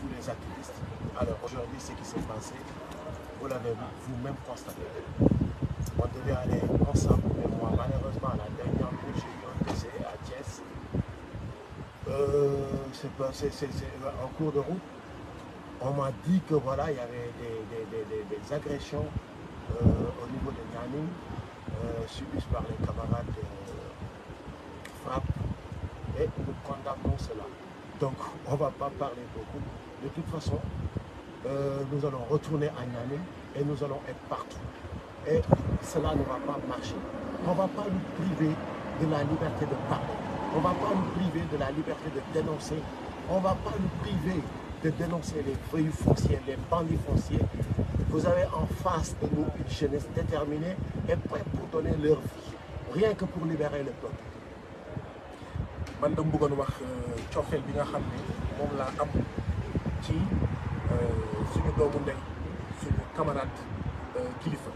tous les activistes. Alors aujourd'hui, ce qui s'est passé, vous l'avez vous-même constaté. On devait aller ensemble, mais moi, malheureusement, à la dernière fois j'ai eu un PC à Thiès. Euh, c'est euh, en cours de route. On m'a dit que voilà, il y avait des, des, des, des agressions euh, au niveau des gamin euh, subies par les camarades de euh, Et nous condamnons cela. Donc, on ne va pas parler beaucoup. De toute façon, euh, nous allons retourner à Niamey et nous allons être partout. Et cela ne va pas marcher. On ne va pas nous priver de la liberté de parler. On ne va pas nous priver de la liberté de dénoncer. On ne va pas nous priver de dénoncer les feuilles fonciers, les bandits fonciers. Vous avez en face de nous une jeunesse déterminée et prête pour donner leur vie, rien que pour libérer le peuple man dama bëggoon wax euh, cofeel bi nga xam ne moom laa am ci euh, suñu doomu ndey suñu camarade euh, kilifa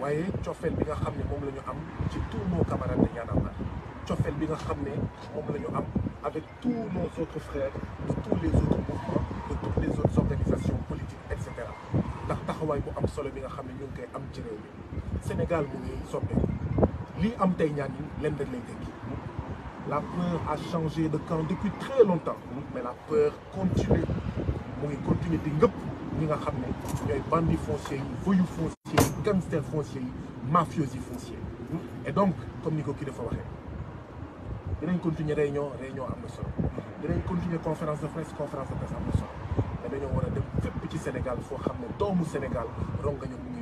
waaye cofeel bi nga xam ne moom la ñu am ci tous nos camarades de Y'en a bi nga xam ne moom la ñu am avec tous nos autres frères de tous les autres mouvements de toutes les autres organisations politiques et cetera ndax taxawaay bu am solo bi nga xam ne ñu ngi koy am ci réew mi Sénégal mu ngi soppeeku lii am tey ñaan yi lenn lay dégg la peur a changé de camp depuis très longtemps mais la peur continue mu continue continuer de ngëpp ñi nga bandits fonciers des voyous fonciers des gangsters fonciers des mafiosi fonciers et donc comme Nico ko de il y dinañ continuer réunion réunion am Il y a continuer conférence de presse conférence de presse à na Et mais dañoo a des petits ci Sénégal faut ramener tout le Sénégal rongañu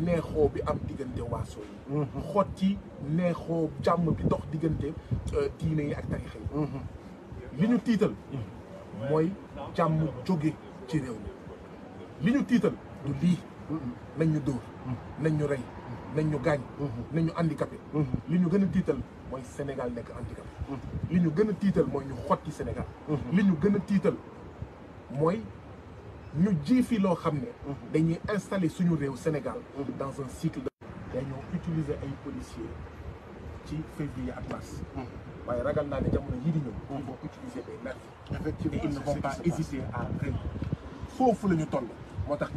neexoo bi am diggante waaso yi mhm. xot ci neexoo jàmm bi dox diggante euh, diine yi ak tarixa yi mhm. li ñu tiital mhm. mooy jàmm jóge ci réew li ñu tiital du lii nañ ñu dóor nañ ñu rey nañ ñu gaañ nañ ñu handicapé li ñu gën a tiital mooy Sénégal nekk handicapé li ñu gën a tiital mooy ñu xot ci Sénégal li ñu gën a tiital mooy ñu que nous avons installé ce dañuy nous suñu au Sénégal hum. dans un cycle de dañoo utilisé ay policiers ci février à mars Mais hum. ragal naa ne hum. ils vont utiliser des nervis Et ils ne vont pas hésiter à rien foofu la ñu toll moo tax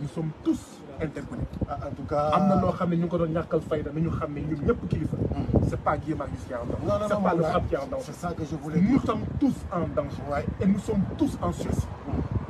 nous sommes tous interpellés ah, en tout cas am nous loo xam ne ñu ngi ko doon ñàkkal fayda ce n'est pas Guillaume Marius qui est en danger Ce n'est pas le rap qui est en danger c'est ça que je voulais dire nous sommes tous en danger et nous sommes tous en sursis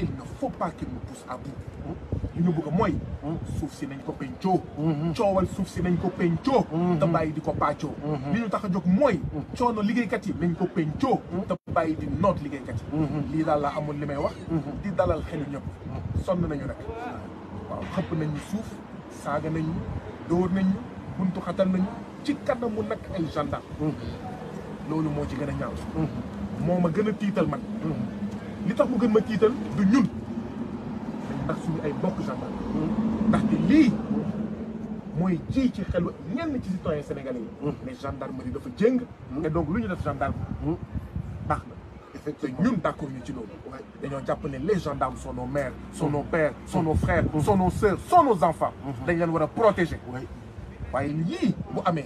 il ne faut pas qu'il nous pousse à li ñu bëgg mooy. suuf si nañ ko pencoo. coowal suuf si nañ ko pencoo. te bàyyi di ko paccoo. li ñu tax a jog mooy. coono liggéeykat yi nañ ko pencoo. te bàyyi di noot liggéeykat yi. lii daal laa amoon li may wax. di dalal xelu ñëpp. sonn nañu rek. waaw xëpp nañu suuf saaga nañu dóor nañu buntu xatal nañu ci kanamu nag ay gendarme. loolu moo ci gën a ñaaw. moo ma gën a tiital man. li tax mu gën ma tiital du ñun y suñu ay mbokk Parce que lui, il ji ci xelu ñenn ci citoyens sénégalais Les mm. gendarmes sont dafa gens, mm. et donc lu ñu parce gendarme sont mm. des ñun d'accord ñu ci loolu dañoo jàpp les gendarmes sont nos mères sont nos pères sont nos frères sont nos sœurs sont nos enfants Ils mm-hmm. doivent war protéger Parce qu'il bu amee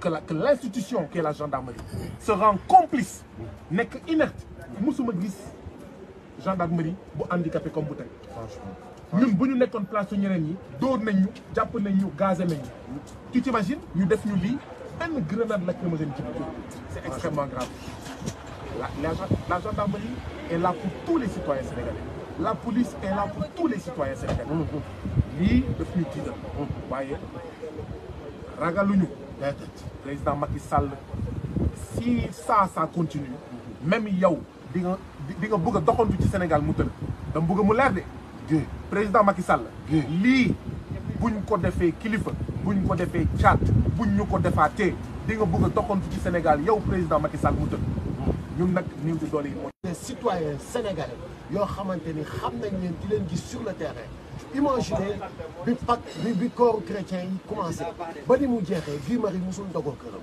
que que l'institution qui est la gendarmerie se rend complice que inerte musuma gis gendarmerie bu handicapé comme bu tey ñun nous sommes en place su ñeneen ñi nous sommes tu t'imagines nous def ñu lii benn grenade lacrymogène ci c'est extrêmement grave la la gendarmerie est là pour tous les citoyens sénégalais la police est là pour tous les citoyens sénégalais hum, hum. lii daf ñu tiital hum. waaye ragaluñu président Macky Sall si ça ça continue même yow di nga di nga bëgg a doxantu ci Sénégal mu tënk dama bëgg mu leer de président Macky Sall lii buñ ko defee kilifa buñ ko defee caat buñ ñu ko defaatee di nga bëgg a doxantu ci Sénégal yow président Macky Sall mu tënk ñun nag niw di doole yi mooy des citoyens sénégal yoo xamante ni xam nañ leen di leen gis sur le terrain imaginez bi pacte bi bi corps chrétien yi commencé ba ni mu jeexee Guy Marius musul dogoo këram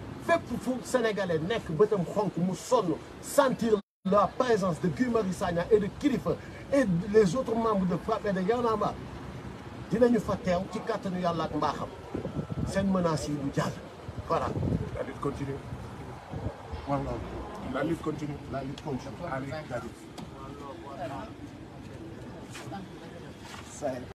pour vous sénégalais nek bëtam Khonk, mu sentir la présence de Guy et de Kirif et les autres membres de FRAPP et de Y ils a marre dinañu fa teew ci kàttanu yàlla ak mbaaxam seen menaces du voilà. la lutte continue voilà la lutte continue la lutte continue allez la lutte.